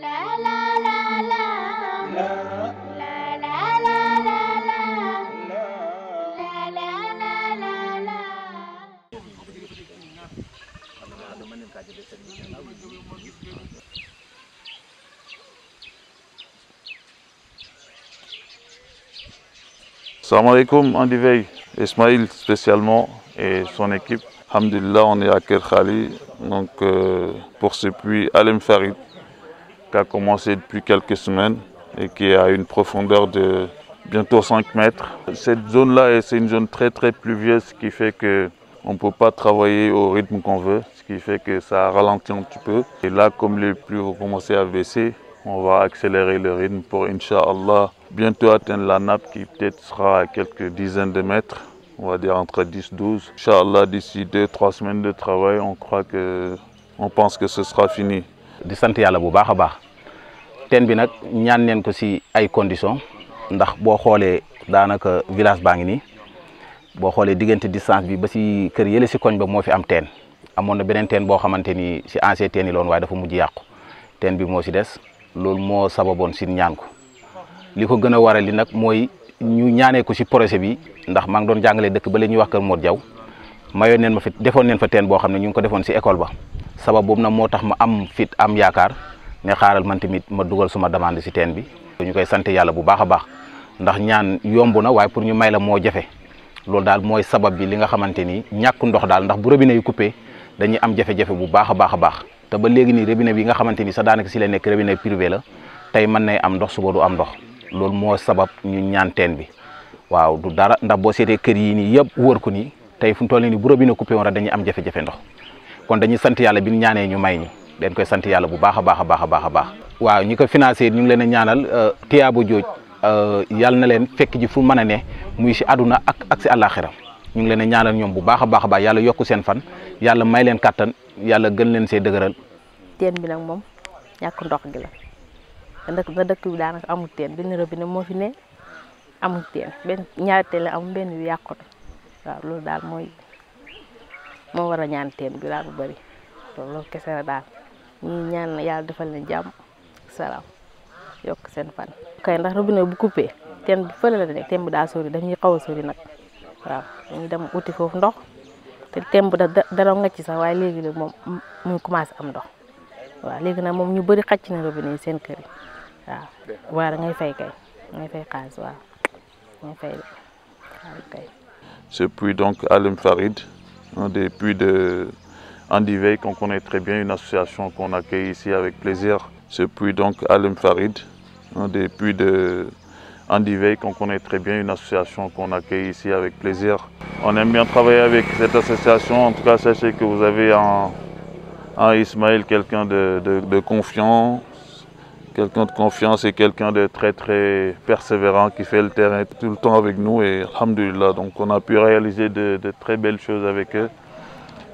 la alaikum, Andy Veil, Ismail spécialement et son équipe. Alhamdulillah, on est à Kerkhali, donc euh, pour ce puits Alem Farid qui a commencé depuis quelques semaines et qui est à une profondeur de bientôt 5 mètres. Cette zone-là, c'est une zone très très pluvieuse, ce qui fait qu'on ne peut pas travailler au rythme qu'on veut, ce qui fait que ça ralentit un petit peu. Et là, comme les pluies vont commencer à baisser, on va accélérer le rythme pour, Inch'Allah, bientôt atteindre la nappe qui peut-être sera à quelques dizaines de mètres, on va dire entre 10 et 12. Inch'Allah, d'ici 2-3 semaines de travail, on croit que, on pense que ce sera fini. di sant yàlla bu baax a baax teen bi nag ñaan neen ko si ay conditions ndax boo xoolee daanaka village baa ngi nii boo xoolee diggante distance bi ba si kër yële si koñ ba moo fi am teen amoon na beneen teen boo xamante ni si ancien teen yi loon waaye dafa mujj yàqu teen bi moo si des loolu moo sababoon si ñaan ko li ko gën a waral li nag mooy ñu ñaanee ko si projet bi ndax maa ngi doon jàngalee dëkk ba la ñu wax kër Mor Diaw mayoon neen ma fi defoon neen fa teen boo xam ne ñu ngi ko defoon si école ba sabab bobu na motax ma am fit am yakar ne xaaral man timit ma duggal suma demande si tenbi, bi. ñu koy sante yalla bu baaxa baax ndax ñaan yombu na way pour ñu may la mo jafé lool dal moy sabab bi li nga xamanteni ñak ndox dal ndax bu robinet yu coupé dañuy am jafé jafé bu baaxa bah baax a ba léegi ni robinet bi nga xamanteni sa daanaka ci la nek robinet privé la tay man nay am ndox suba du am ndox lool moo sabab ñu ñaan teen bi waaw du dara ndax bo sété kër yi ni yeb wër ko ni tay fu mu ni bu robinet coupé wara dañuy am jafé jafé ndox. kon dañuy sant yàlla bi ñu ñaanee ñu may ñi dañ koy sant yàlla bu baax a baax a baax a baax waaw ñi ko financé ñu ngi leen a ñaanal euh, tiyaabo jooj euh, yàlla na leen fekk ji fu mën a ne muy si àdduna ak ak si àllaaxira ñu ngi leen a ñaanal ñoom bu baax a baax a baax yàlla yokku seen fan yàlla may leen kàttan yàlla gën leen see dëgëral teen bi nag moom ñàkk ndox gi la ndëkk na dëkk bi daanaka amul teen benn robinet moo fi ne amul teen benn ñaari teen la amul benn yu yàqoto loolu daal mooy mo wara ñaan teen bi daal bu bari loolu kese la daal ñuy ñaan na yàlla defal leen jàmm salaam yokk seen fan. kay ndax robinet bu coupé teen bi fële la nekk teen bi daa sori dañuy xaw a sori nag waaw dañuy dem uti foofu ndox te teen bi da dara nga ci sax waaye léegi nag moom mu commencé am ndox waaw léegi nag moom ñu bëri xàcc na robinet yi seen kër yi waaw. waaw da ngay fay kay ngay fay xaalis waaw ngay fay kay. Ce puis donc Alim Farid un des puits de Andivey, qu'on connaît très bien, une association qu'on accueille ici avec plaisir. Ce puis donc Al Farid, un des puits de Andivey, qu'on connaît très bien, une association qu'on accueille ici avec plaisir. On aime bien travailler avec cette association, en tout cas sachez que vous avez en Ismaël, quelqu'un de, de confiant, quelqu'un de confiance et quelqu'un de très très persévérant qui fait le terrain tout le temps avec nous et alhamdulillah donc on a pu réaliser de, très belles choses avec eux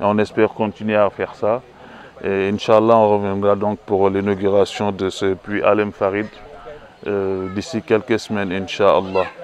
et on espère continuer à faire ça et Inch'Allah on reviendra donc pour l'inauguration de ce puits Alem Farid euh, d'ici quelques semaines Inch'Allah.